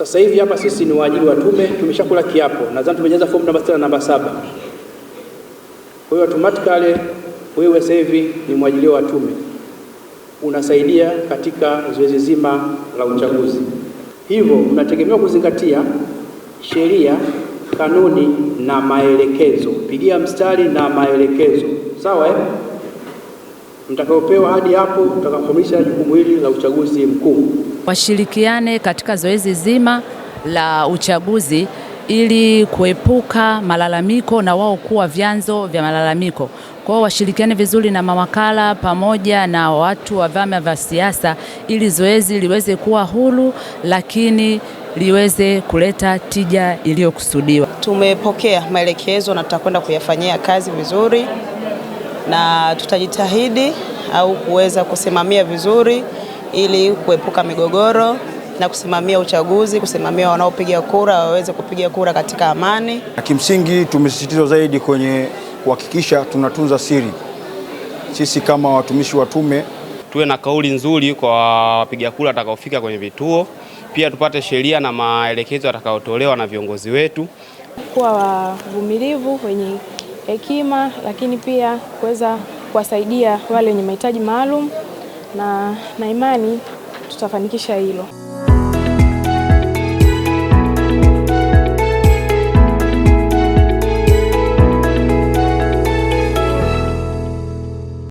Sasa hivi hapa sisi ni waajiri wa tume, tumeshakula kiapo, nadhani tumejaza fomu namba sita na namba saba. Kwa hiyo automatically wewe sasa hivi ni mwajiriwa wa tume, unasaidia katika zoezi zima la uchaguzi, hivyo unategemewa kuzingatia sheria, kanuni na maelekezo. Pigia mstari na maelekezo, sawa eh? mtakaopewa hadi hapo mtakapokamilisha jukumu hili la uchaguzi mkuu. Washirikiane katika zoezi zima la uchaguzi ili kuepuka malalamiko na wao kuwa vyanzo vya malalamiko. Kwa hiyo washirikiane vizuri na mawakala pamoja na watu wa vyama vya siasa ili zoezi liweze kuwa huru, lakini liweze kuleta tija iliyokusudiwa. Tumepokea maelekezo na tutakwenda kuyafanyia kazi vizuri na tutajitahidi au kuweza kusimamia vizuri ili kuepuka migogoro na kusimamia uchaguzi, kusimamia wanaopiga kura waweze kupiga kura katika amani. Na kimsingi tumesisitiza zaidi kwenye kuhakikisha tunatunza siri. Sisi kama watumishi wa tume tuwe na kauli nzuri kwa wapiga kura watakaofika kwenye vituo, pia tupate sheria na maelekezo yatakayotolewa na viongozi wetu, kuwa wavumilivu wenye hekima, lakini pia kuweza kuwasaidia wale wenye mahitaji maalum na na imani tutafanikisha hilo.